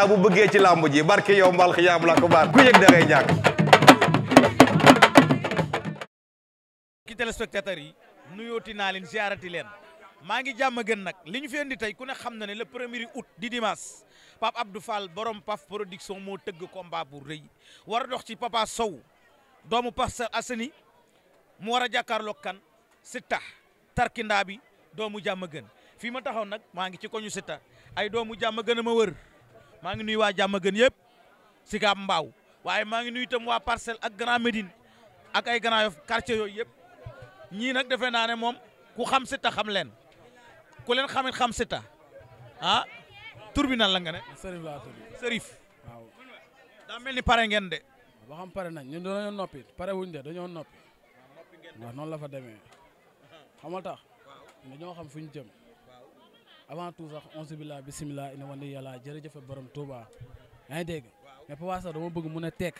naa bëggee ci làmb ji barke yow mbal xiyaam la ko baar ku ki téléspectateurs yi nuyooti naa leen ziarati leen maa ngi jàmm gën nag li ñu fi indi tey ku ne xam na ne le premier out di dimanche Pape Abdou Fall borom Paf production moo tëgg combat bu rëy war a dox ci Papa Sow doomu Parcelles Assainies mu war a jàkkaarloo kan Siteu tarkindaa bi doomu jàmm gën fii ma taxaw nag maa ngi ci koñu Siteu ay doomu jàmm gën a ma wër maa ngi nuyu waa Diamaguène yëpp Sicap Mbao waaye maa ngi nuyu itam waa Parcelles ak Grand Médine ak ay Grand Yoff quartier yooyu yëpp ñii nag defe naa ne moom ku xam Siteu xam leen ku leen xamit xam Siteu ah tur bi nan la nga ne. Serif laa daa mel ni pare ngeen de. ba xam pare nañ ñun dañoo noppi pare wuñ de dañoo noppi. Ah, waaw noonu la fa demee xamal tax dañoo xam fu jëm. avant tout sax onze billah bisimilah ina wandi yàlla jërëjëf ngi dégg mais Papa Sow dama bëgg mun a tekk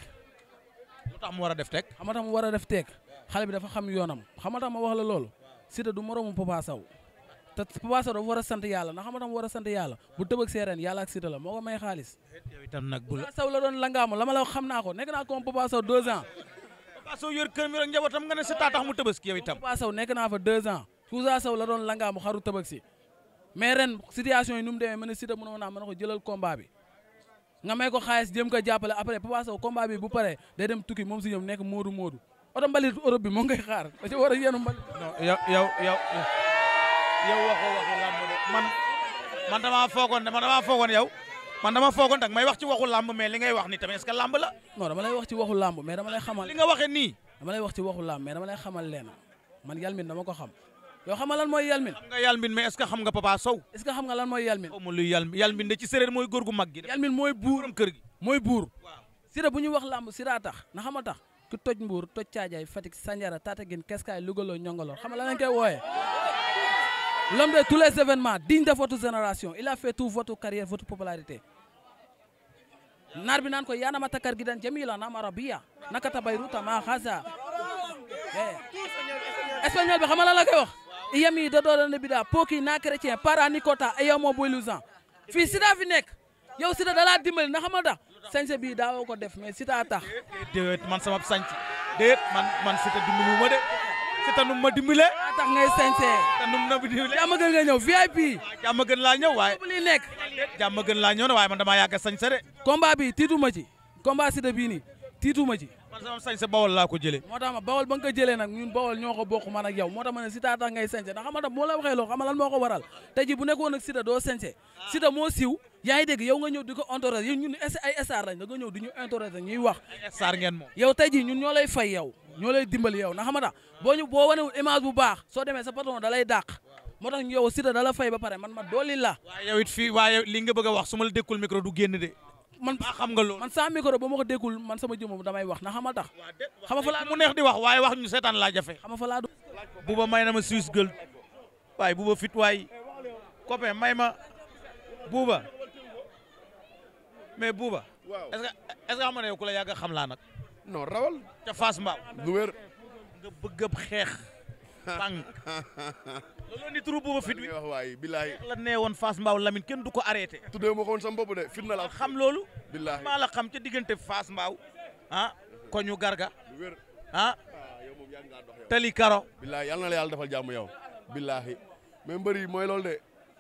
mu war a def tekk xam nga tax mu war a def tekk xale bi dafa xam yoonam xam ma tax ma wax la lool Siteu du moroomu Papa Sow te Papa dafa war sant yàlla na xam nga tax mu war a sant yàlla bu tëbëg seereen yàlla ak Siteu la moo ko may xaalis yow nag bu Papa saw la doon langaamu la ma la xam naa ko nekk naa comme Papa Sow deux ans Papa Sow yor ne Siteu tax mu tëbëski yow itam Papa nekk naa fa deux ans la doon langaamu xaru tëbëg si mais ren situation yi nu mu demee ma ne Siteu mënoo naa mën na ko jëlal combat bi nga may ko xaalis jëm ko jàppale après Papa Sow combat bi bu paree day dem tukki moom si ñoom nekk Modou Modou oto mbalit Europe bi moo ngay xaar da ci war yow yow yow yow waxoo waxu làmb de man man damaa foogoon man damaa foogoon dama foogoon nag may wax ci waxu làmb mais li ngay wax ni tamit est-ce la. non dama lay wax ci waxu làmb mais dama lay xamal. li nga waxee nii. dama lay wax ci waxu làmb mais dama lay xamal leen man yàlla mi dama ko xam. yoo xam mooy yalmin xam nga yalmin mais est ce que xam nga papa sow mooy yalmin xaw ma luy yalmin yalmin de ci séréer mag gi yalmin mooy buur am bu ñuy wax làmb sira tax na xama tax ki toj mbuur toj caajaay Fatick Sandiara Tataguine Keskaay Lougaloo Ñongoloo xam nga lan lañ koy wooyee l'homme de tous les événements digne de votre génération il a fait tout votre carrière votre nar bi naan ko yaanama takar gi dan jamila nama na nakata bayruta ma xasa eh. espagnol bi xam nga lan la koy wax i dodora na bida poki na chrétien para nikota ayamo e boilusan fii sida fi nekk yow sida da laa dimbali na xamal tax sañse bii daa ko def mais sida tax déet man sama sañc déet man man sita dimbali wu ma de sita num ma dimbale daa tax ngay sañse ta num na gën nga ñëw VIP jàmm gën laa ñëw waaye bu li nekk jàmm gën laa ñëw ne waaye man damaa yàgg sañse de combat bi tiituma ci combat sida bii nii tiituma ci man sama sañse bawol laa ko jëlee moo tax ma bawol ba nga ko jëlee nag ñun bawol ñoo ko bokk man ak moo tax ma ne Siteu ngay sañse ndax xam moo la waxee loo xam lan moo ko waral tey bu nekkoon ak Siteu doo sañse Siteu moo siiw yaa ngi dégg nga ñëw di ko entouré yow ñun ay star ñoo lay fay yow ñoo lay dimbali yow ndax xam nga boo boo wanewul image bu baax soo demee sa patron da lay dàq moo tax yow Siteu da fay ba pare man ma dooli la waaye yow it fii waaye li a wax man ba xam nga loolu man saa micro ba ma ko déggul man sama jëmm damay wax na xamal tax xama fa laa mu neex di wax waaye wax ñu seetaan laa jafe xama fa laa may na ma Suisse Gueule waaye bu ba fit waay copain may ma buuba mais buuba est-ce ne ku la yàgg xam laa nag non rawal ca Fass Mbao lu nga bëgg xeex tànk loolu di turu booba fit wi wax waay billaay la nee woon Fass kenn du ko arrêté tuddee ma ko woon sama bopp de fit na la xam loolu maa la xam ca diggante Fass Mbao ah koñu garga ah, ah tali karo billaay yal na la yàlla defal jàmm yow billaahi mais mbëri mooy loolu de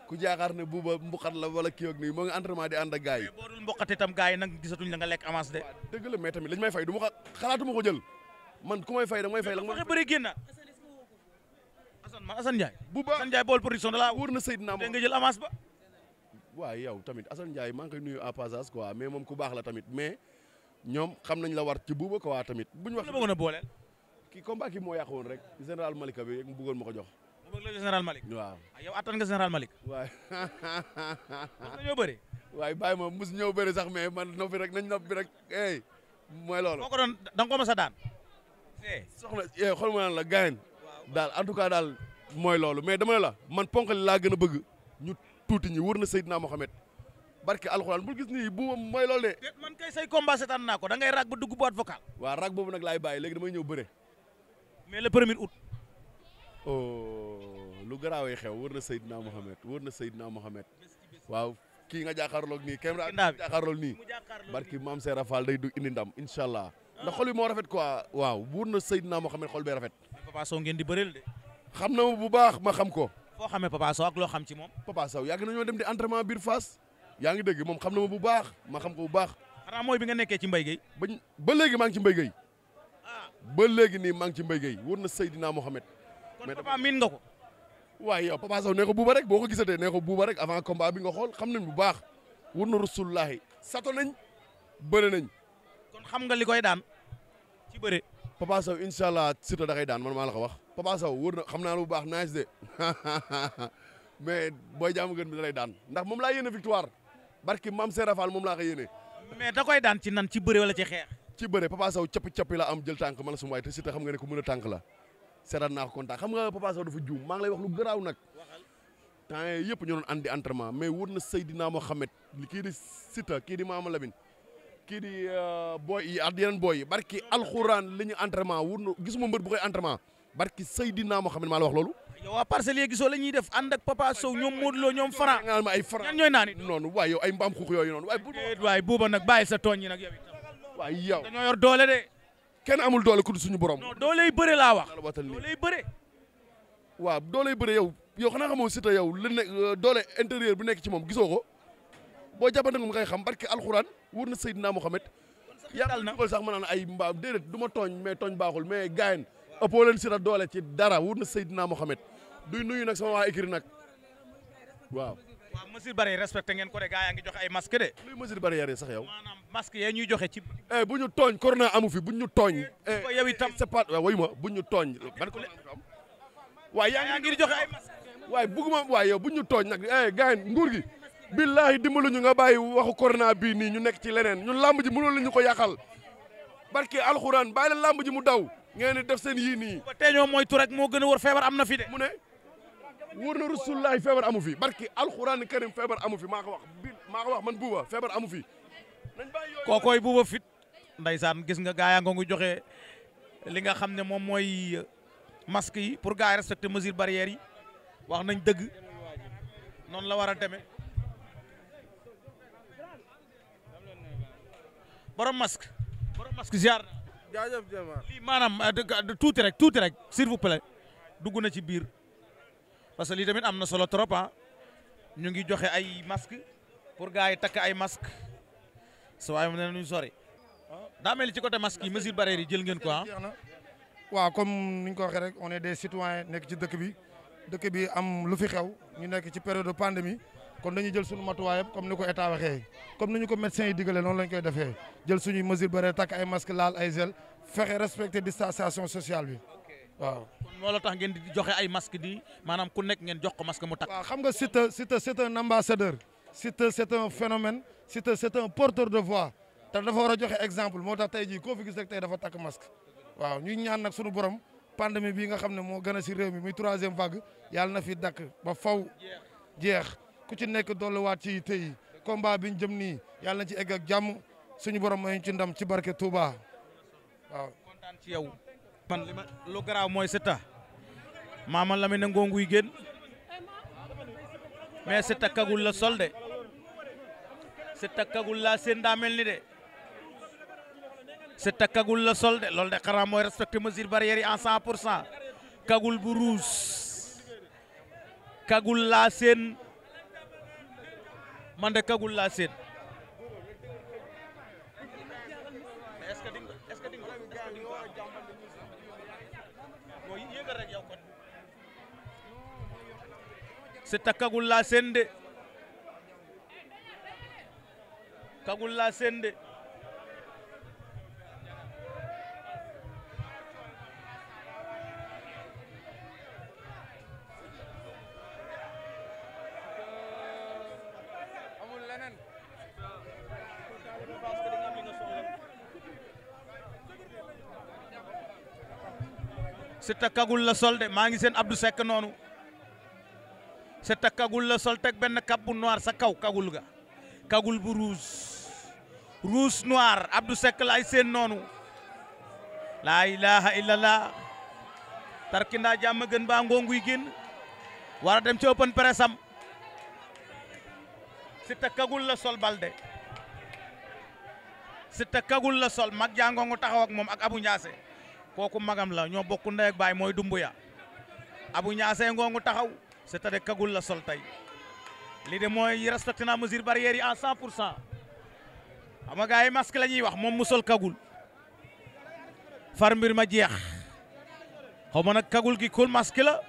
ku jaakaar ne buuba mbuqat la wala kii ak nii moo ngi entraînement di ànd ak gars yi boo dul mbuqate tam gars yi nag gisatuñ la lekk avance de dëgg la mais tamit lañ may fay du ma ko xalaatuma ko jël man da may fay ma bëri génna Assane ma Assane Ndiaye. bu ba Assane Ndiaye bool production da laa wóor na Seydina Mohamed nga yow tamit Assane Ndiaye maa ngi koy nuyu en passage mais moom ku baax la tamit mais ñoom xam nañ la war ci buuba quoi tamit. bu ñu wax la bëggoon a booleel. ki combat ki moo yàq woon rek général Malika bi mu bëggoon ma ko jox. mu bëgg la général Malick. waaw ah, yow attan nga général Malick. waay. mos na ñoo bëri. waay bàyyi ma mos ñëw bëri sax mais ma noppi rek nañ noppi rek hey mooy loolu. boo ko doon da ko mos a daan. soxna eh, xool ma naan la gaañ daal en tout cas daal mooy loolu mais dama la man ponkali laa gën a bëgg ñu tuuti ñi wër na Seydina Mohamed barke alxuraan bul gis nii bu mooy lool de. man kay say combat seetaan naa ko dangay ngay raag ba dugg boîte vocale. waaw raag boobu nag laay bàyyi léegi damay ñëw bëre. mais le premier août. oh lu garaawee xew wër na Seydina Mohamed wër na Seydina Mohamed waaw kii nga jàkkaarloog nii. kenn daa nga jàkkaarloog nii. barke maam Serap Fall day dugg indi ndam incha allah. ndax xol bi moo rafet ko waaw wër na Seydina Mohamed xol bee rafet. Papa Sow ngeen di bëreel de. xam na bu baax ma xam ko. foo xamee Papa Sow ak loo xam ci moom. Papa Sow yàgg nañoo dem di entraînement biir Fass yaa ngi dégg moom xam na ma bu baax ma xam ko bu baax. xanaa mooy bi nga nekkee ci mbay gay. bañ ba léegi maa ngi ci mbay gay. Ah. ba léegi nii maa ngi ci mbay gay wóor na Seydina Mohamed. mais Papa miin nga ko. waaye Papa Sow nee ko buuba rek boo ko gisatee nee ko buuba rek avant combat bi nga xool xam nañ bu baax wóor na rasulullahi sato nañ bëre Papa Sow incha allah Siteu daan man maa la ko wax Papa Sow wóor na xam naa lu bu baax nice de mais booy jaamu gën bi da lay daan ndax moom laa yéene victoire barki Mame Serap Fall moom laa ko yéene. mais da koy daan ci nan ci bëre wala ci xeex. ci bëre Papa Sow cappi cappi la am jël tànk man la suma waay te Siteu xam nga ne ku mën a tànk la seetaan naa ko kontaan xam nga Papa Sow dafa juum maa ngi lay wax lu garaaw nag. temps yii yëpp ñu doon andi entraînement mais wóor na Seydina Mohamed kii di Siteu kii di Mama kii di euh, booy yi ak yeneen booy yi barki alxuraan li ñu entraînement wut gisuma mbër bu koy entraînement barki Seydina Mohamed maa la wax loolu. yow waa parcelles yi gisoo la ñuy def ànd ak Papa Sow ñoom Modou Lo ñoom Franc. nga naan ma ay Franc ñan ñooy naan it. noonu waaye yow ay mbaam xuux yooyu noonu. waaye buuba nag sa tooñ yi nag doole de. kenn amul doole ku dul suñu borom. non doole yi bëre laa wax. doole yi bëre. waaw yow yow xanaa xamoo Siteu yow li ne euh, doole intérieur bu nekk ci moom gisoo ko boo jàppante mu ngay xam barke alxuraan wër na Seydina Mohamed yàlla na sax ma naan ay mbaam déedéet du ma tooñ mais tooñ baaxul mais gaayen ëppoo leen si la doole ci dara wër na Seydina Mohamed duy nuyu nag sama waa écrit nag waaw waaw mesure barrière respecté ngeen ko de gaa yaa ngi joxe ay masque de luy mesure barrière sax yow maanaam masque yee ñuy joxe ci eh bu ñu tooñ corona amu fi bu ñu tooñ ko eh, eh, yow itam c'est pas waaw wayu ma bu ñu tooñ eh, ban ko waaw yaa ngi joxe ay masque waaye bugguma waaye yow bu ñu tooñ nag eh gaayen nguur gi billaahi dimbaluñu nga bàyyi waxu corona bii nii ñu nekk ci leneen ñun làmb ji mënoon la ñu ko yàqal barke alxuraan bàyyi la làmb ji mu daw ngeen di def seen yii nii. ba tey ñoom mooy tur moo gën a wër feebar am na fi de. mu ne wër na rasulullaahi feebar amu fi barke alxuraan karim feebar amu fi maa ko wax bi maa wax man buuba feebar amu fi. kookooy buuba fit ndaysaan gis nga gaa yaa ngi joxe li nga xam ne moom mooy masque yi pour gaa yi respecter mesure yi wax nañ dëgg noonu la war a demee borom masque borom masque ziar na. jaajëf lii maanaam eh, eh, tuuti rek tuuti rek s'il vous plaît dugg na ci biir parce que lii tamit am na solo trop ah ñu ngi joxe ay masque pour gars yi takk ay masque sa waay mu ne ñu sori daam mel ci côté masque yi mesure barrière jël ngeen ko ah. waaw comme ni ñu ko waxee rek on est des citoyens nekk ci dëkk bi dëkk bi am lu fi xew ñu nekk ci période de pandémie kon dañuy jël suñu matuwaayam comme ni ko état waxee comme ni ñu ko médecins yi digalee noonu lañ koy defee jël suñuy mesure bare takk ay masque laal ay gel fexe respecter distanciation sociale bi waaw. kon moo la tax ngeen di joxe ay masque di maanaam ku nekk ngeen jox ko masque mu takk. xam nga Siteu Siteu c'est un ambassadeur Siteu c'est un phénomène Siteu c'est un porteur de voix te dafa war a joxe exemple moo tax tey jii koo fi gis rek tey dafa takk masque waaw ñuy ñaan bii nga xam ne moo gën a si réew mi muy troisième vague yàlla na fi dakk ba faw ku ci nekk waat ci tey combat bi ñu jëm ni yàlla na ci egg ak jàmm suñu borom mooy ci ndam ci barke Touba waaw. ci yow. man li ma lu garaaw mooy Siteu maama Lamine Ngonguy génn mais Siteu kagul la sol de Siteu kagul la seen daa mel ni de Siteu kagul la sol de loolu de xanaa mooy respecté mesure barrière yi en cent pour cent kagul bu ruus kagul man de kagul laa seet c'est à laa seen de kagul laa seen de Siteu kagul la sol de maa ngi seen Abdou Seck noonu Siteu takkagul la sol teg benn cap bu sa kaw kagul ga kagul bu rouge rouge noir sekk la ay seen noonu laa ilaha illallah tarkindaa jàmm gën baa ngoonguy génn war a dem ci open press am la sol Balde Siteu kagul la sol mag jàngongu taxaw ak moom ak Abu Ndiaase kooku magam la ñoo bokk ndey ak baay mooy ya Abu Ñaase ngoongu taxaw c'est-à-dire kagul la sol tey lii de mooy respecté naa mesure barrière yi à 100 pour cent xam nga yi masque la ñuy wax moom mu sol kagul far mbir ma jeex xaw ma nag kagul gi kul masque la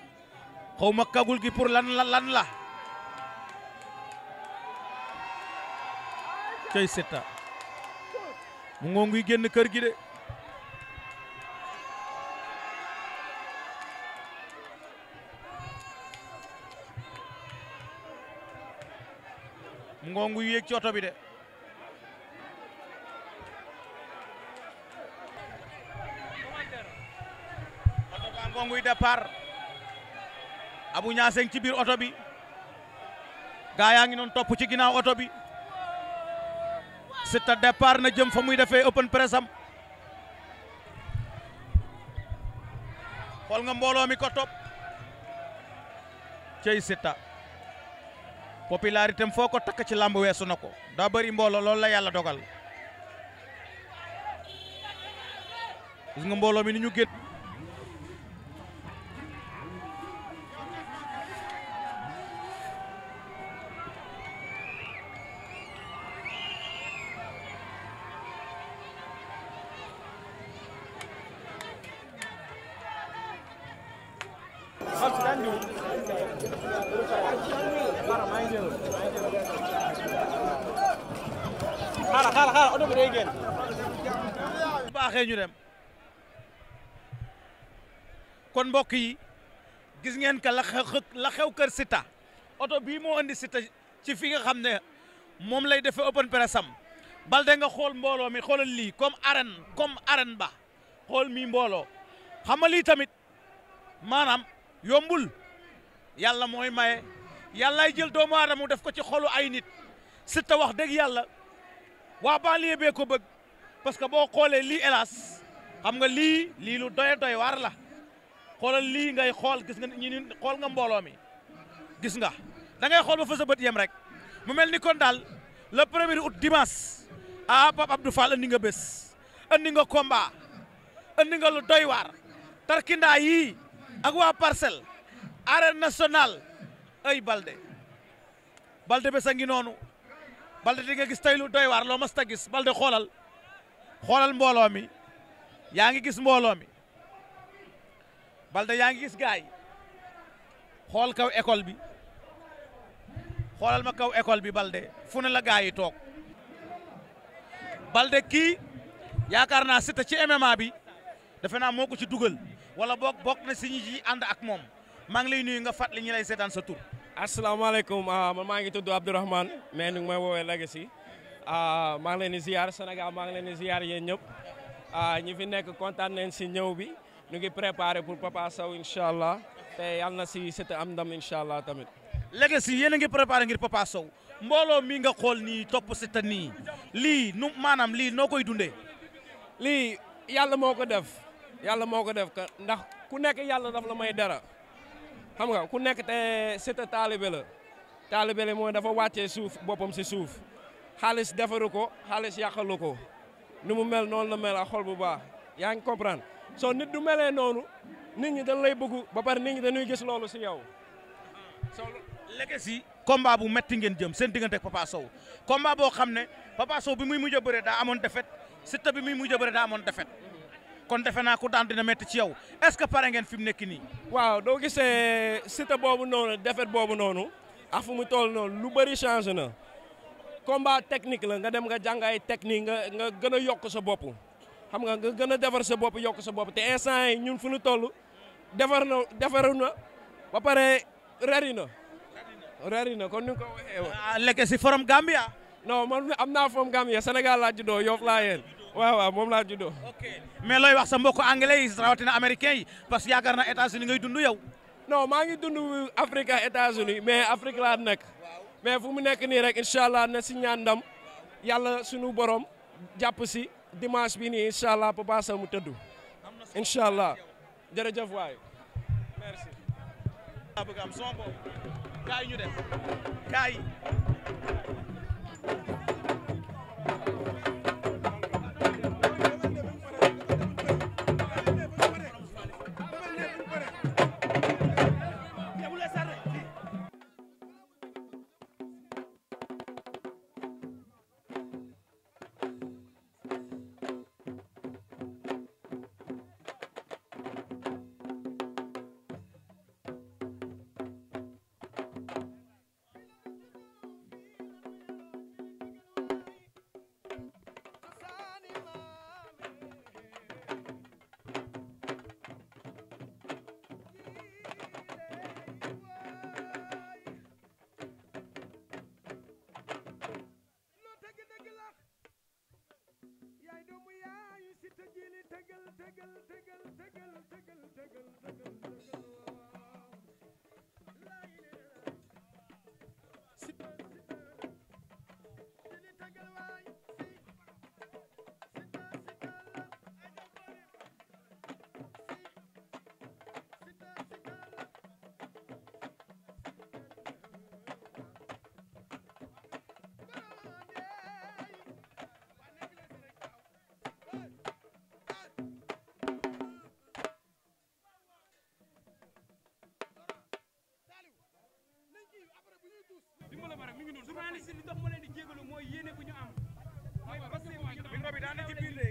xaw ma kagul gi pour lan la lan la cey Siteu mu ngoonguy génn kër gi de ngongu yéeg ci oto bi de oto ba ngonguy départ Abou Niassène ci biir oto bi gaa yaa ngi noon topp ci ginnaaw oto bi Siteu départ na jëm fa muy defee open press am xool nga mbooloo mi ko topp cey Siteu popularité am foo ko takk ci làmb weesu na ko daa bëri mbooloo loolu la yàlla dogal gis nga mbooloo mi ni ñu génn a ñu dem kon mbokk yi gis ngeen ka la xew kër Siteu oto bii moo indi Siteu ci fi nga xam ne moom lay defee open press am Baldé nga xool mbooloo mi xoolal lii comme arène comme arène ba xool mi mbooloo xam nga lii tamit maanaam yombul yàlla mooy maye yàllaay jël doomu aadama def ko ci xolu ay nit Siteu wax dëgg yàlla waa banlieue bee ko bëgg. parce que boo xoolee lii hélas xam nga lii lii lu doye doy waar la xoolal lii ngay xool gis nga ñi xool nga mbooloo mi gis nga dangay ngay xool ba fa bët yem rek mu mel ni kon daal le premier août dimanche ah Pape Abdou Fall andi nga bés andi nga combat andi nga lu doy waar tarkindaa yii ak waa parcelle arène nationale ay balde balde bés a ngi noonu balde di nga gis tey lu doy waar loo mas ta gis balde xoolal xoolal mbooloo mi yaa ngi gis mbooloo mi Balde yaa ngi gis gaay xool kaw école bi xoolal ma kaw école bi Balde fu ne la gaay yi toog Balde kii yaakaar naa Siteu ci MMA bi defe naa moo ko ci dugal wala boog bokk na si ñi ci ànd ak moom maa ngi lay nuyu nga fàttali ñi lay seetaan sa tur. asalaamaaleykum ah, ma maa ngi tudd Abdourahmane mais nu ngi may woowee Legacy. Ah, maa ngi leen di ziar Sénégal maa ngi leen di ziar yéen ñëpp ah, ñi fi nekk kontaan nañ si ñëw bi ñu ngi préparé pour Papa Sow incha allah te yàlla si sët am ndam incha allah tamit. léegi si yéen ngi préparé ngir Papa Sow mbooloo mi nga xool nii topp si te nii lii nu maanaam lii noo koy dundee. lii yàlla moo ko def yàlla moo ko def ndax ku nekk yàlla daf la may dara xam nga ku nekk te sët taalibe la taalibe la mooy dafa wàccee suuf boppam si suuf. xaalis defaru ko xaalis yàqalu ko nu mu mel noonu la mel ak xol bu baax yaa ngi comprendre soo nit du melee noonu nu ñi dañ lay bëgg ba pare nit ñi dañuy gis loolu si yow. soo legacy combat bu metti ngeen jëm seen diggante ak Papa Sow combat boo xam ne Papa Sow bi muy mujj a daa amoon defet Siteu bi muy mujj a bëre daa amoon defet kon defe naa ku daan dina metti ci yow est-ce que pare ngeen fi mu nekk nii. waaw doo gisee Siteu boobu noonu defet boobu noonu ak fu mu toll lu bëri changé na. combat technique la nga dem nga jàngaay ay technique nga nga gën yokk sa bopp xam nga nga gën a defar sa bopp yokk sa bopp te instant yi ñun fu ñu toll defar na defar na ba pare rari na kon ni nga ko waxee ah, lekke si forom Gambia non man am naa forom Gambia Sénégal laa juddoo Yoff laa yéen waaw waaw moom laa juddoo ok mais looy wax sa mbokk anglais yi rawatina américain yi parce que yaakaar naa États-Unis ngay dund yow non maa ngi dund Afrique États-Unis mais Afrique laa nekk mais fu mu nekk nii rek incha allah na si ñaan yàlla suñu borom jàpp si dimaas bi nii incha allah Papa Sow mu tëdd. incha allah jërëjëf waay merci. journaliste li tax ma leen di jégalu mooy yéene bu ñu am mooy parce que micro bi daan na ci biir de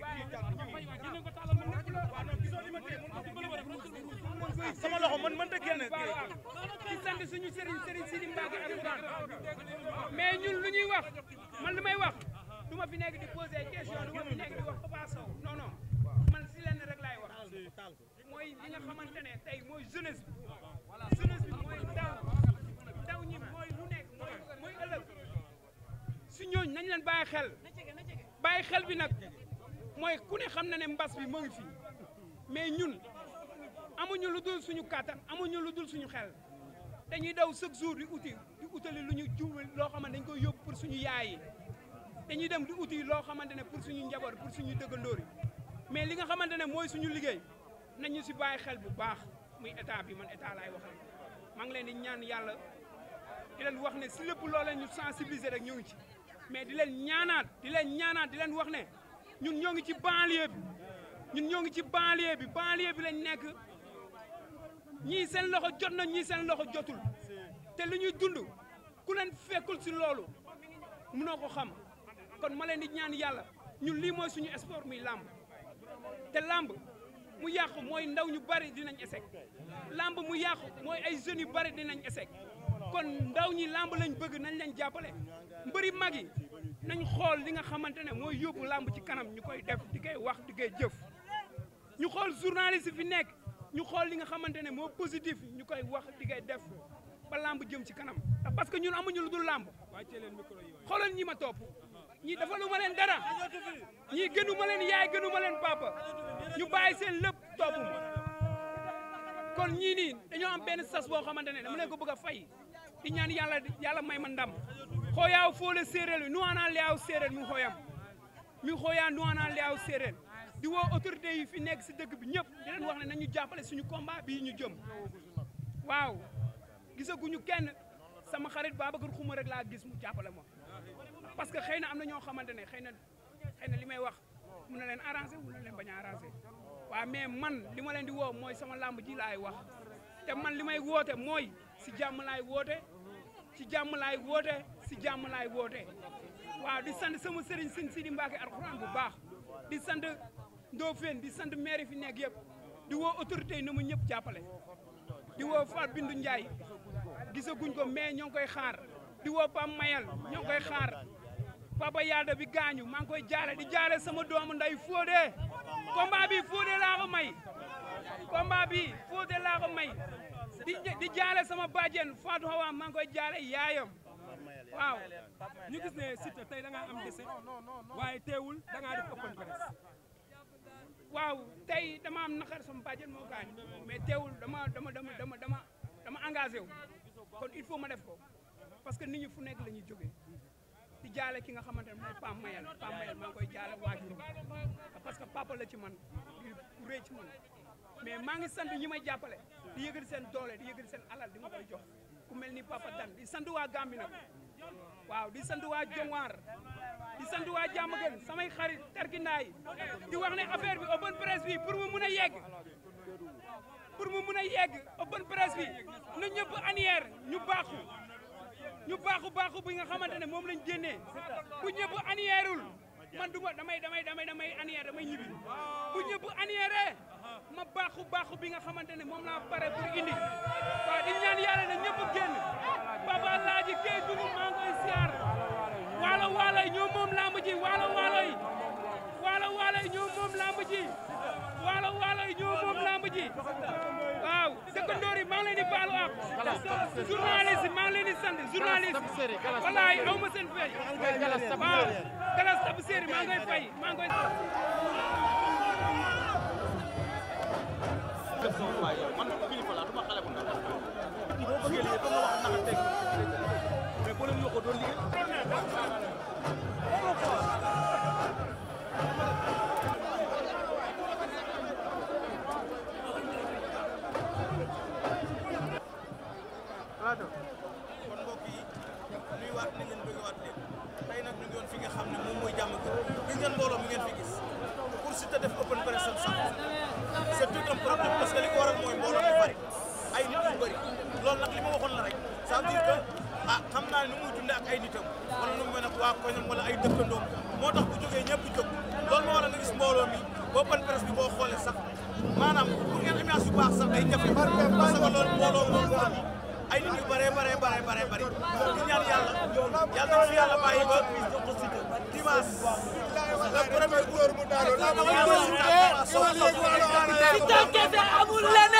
sama loxo man mënta génn di sant suñu sëriñ sëriñ Sidi Mbacke alxuraan mais ñun lu ñuy wax man li may wax du ma fi nekk di poser question du ma fi nekk di wax Papa Sow man si lenn rek laay wax mooy li nga xamante ne tey mooy jeunesse ngeen bàyyi xel bàyyi xel bi nag mooy ku ne xam na ne mbas bi moo ngi mais ñun amuñu lu dul suñu kàttan amuñu lu dul suñu xel dañuy daw chaque jour di uti di utali lu ñu juwal loo xamante dañ koy yóbbu pour suñu yaay yi dañuy dem di uti loo xamante ne pour suñu njaboot pour suñu dëggandoor yi mais li nga xamante ne mooy suñu liggéey nañu si bàyyi xel bu baax muy état bi man état laay waxal maa ngi leen di ñaan yàlla di leen wax ne si lépp loo leen ñu sensibiliser rek ñu ngi ci. mais di leen ñaanaat di leen ñaanaat di leen wax ne ñun ñoo ngi ci banlieue bi ñun ñoo ngi ci banlieue bi banlieue bi lañ nekk ñii seen loxo jot na ñii seen loxo jotul te li ñuy jund ku leen fekkul si loolu mënoo ko xam kon ma leen di ñaan yàlla ñun lii mooy suñu sport mi làmb te làmb mu yàqu mooy ndaw ñu bari dinañ échec làmb mu yàqu mooy ay jeunes yu bari dinañ échec kon ndaw ñi làmb lañ bëgg nañ leen jàppale mbëri mag yi nañ xool li nga xamante ne mooy yóbbu làmb ci kanam ñu koy def di kay wax di koy jëf ñu xool journaliste fi nekk ñu xool li nga xamante ne moo positif ñu koy wax di koy def ba làmb jëm ci kanam ndax parce que ñun amuñu lu dul làmb xoolal ñi ma topp ñii defaluma leen dara ñii gënuma leen yaay gënuma leen papa ñu bàyyi seen lépp topp ma kon ñii nii dañoo am benn sas boo xamante ne dama leen ko bëgg a fay di ñaan yàlla yàlla may ma ndam xooyaaw foole séeréer wi nu anaan leyaaw séeréer mi xooyam mi xooyaa nu anaan leyaaw séeréer di woo autorité yi fi nekk si dëkk bi ñëpp di leen wax ne nañu jàppale suñu kombaa bii ñu jëm waaw gisaguñu kenn sama xarit Babacar Xuma rek laa gis mu jàppale ma parce que xëy na am na ñoo xamante ne xëy na xëy na li may wax mu na leen arrangé mun na leen bañ a arrangé waaw mais man li ma leen di woo mooy sama làmb ji laay wax te man li may woote mooy si jàmm laay woote ci jàmm laay woote si jàmm laay woote waaw di sant sama sëriñ sëñ Sidi Mbacke alxuraan bu baax di sand Ndofène di sant maire fi nekk yëpp di woo autorité yi na mu ñëpp jàppale di woo Fat Bindu Ndiaye gisaguñ ko mais ñoo ngi koy xaar di woo Pam Mayel koy xaar papa yalda bi gaañu maa ngi koy jaale di jaale sama doomu nday Fodé combat bi Fodé may combat bi Fodé may di di jaale sama bàjjen Fatou Hawa maa ngi koy jaale yaayam waaw ñu gis ne Siteu tey da ngaa am dese waaye teewul da def open press waaw tey dama am naqar sama bàjjen moo gaañ mais teewul dama dama dama dama dama dama engagé wu kon il faut ma def ko parce que nit ñi fu nekk la ñuy jógee di jaale ki nga xamante ne mooy Pam Mayel Pam Mayel maa ngi koy jaale waajuram parce que papa la man di rëy ci man mais maa ngi sant ñi ma jàppale di yëgal seen doole di yëgal seen alal di ma koy jox ku mel ni Papa Dan di sant waa Gàmbi nag waaw di sant waa Jonwaar di sant waa Diamaguène samay xarit tarkindaa yi di wax ne bi open presse bi pour mu mun a yegg pour mu mun a yegg open presse bi na ñëpp anière ñu baaxu ñu baaxu baaxu bi nga xamante ne moom lañ génnee bu ñëpp anièreul man du ma damay damay damay damay anière damay ñibbi bu ñëpp anière ma baaxu baaxu bi nga xamante ne moom laa pare pour indi waaw di ñaan yàlla na ñëpp génn Papa Laaji Gueye maa ngi koy siyaar waalo waalo yi ñoo moom lamb ji waalo waalo yi ñoo moom lamb ji waalo waalo maa ngi leen di baalu ak journaliste maa ngi leen di sant journaliste wallaay aw ma seen fay waaw séeri maa ngi koy maa ngi koy bëggee liggéey foog nga wax naka teg mais boo leen yokkoo doon kon mbokk nuy waat nañ leen bëgg waat leen tey nag ñu ngi fi nga xam ne moom mooy jàmm gi bi ngeen mbooloo mi ngeen fi gis pour te def open press sax c'est tout un problème parce que li ko waral mooy mbooloo mi bari naa ne nu muy dundee ak ay nitam wala nu mu mel ak waa koñam wala ay dëkkandoom moo tax bu jógee ñëpp jóg loolu moo waral nga gis mbooloo mi open presse bi boo xoolee sax maanaam pour ngeen image yu baax sax day jafe parce que loolu mbooloo moo ko am ay nit yu bëree bëree bëree bëree bëri di ñaan yàlla yàlla na fi yàlla bàyyi ba dimanche le premier góor mu daal la